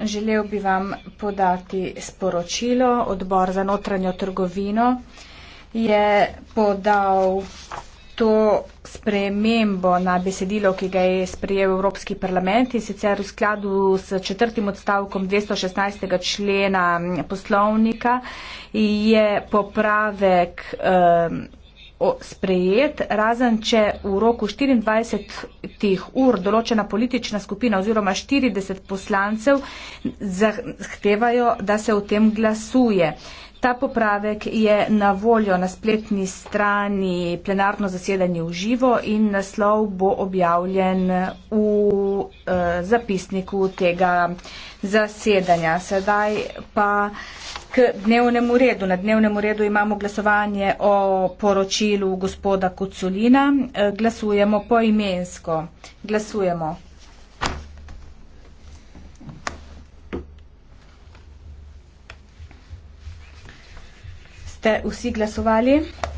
Želel bi vam podati sporočilo. Odbor za notranjo trgovino je podal to spremembo na besedilo, ki ga je sprejel Evropski parlament in sicer v skladu s četrtim odstavkom 216. člena poslovnika je popravek. Um, sprejet, razen če v roku 24 ur določena politična skupina oziroma 40 poslancev zahtevajo, da se o tem glasuje. Ta popravek je na voljo na spletni strani plenarno zasedanje v živo in naslov bo objavljen v eh, zapisniku tega zasedanja. Sedaj pa k dnevnemu redu. Na dnevnem redu imamo glasovanje o poročilu gospoda Kuculina. E, glasujemo poimensko. Glasujemo. Ste vsi glasovali?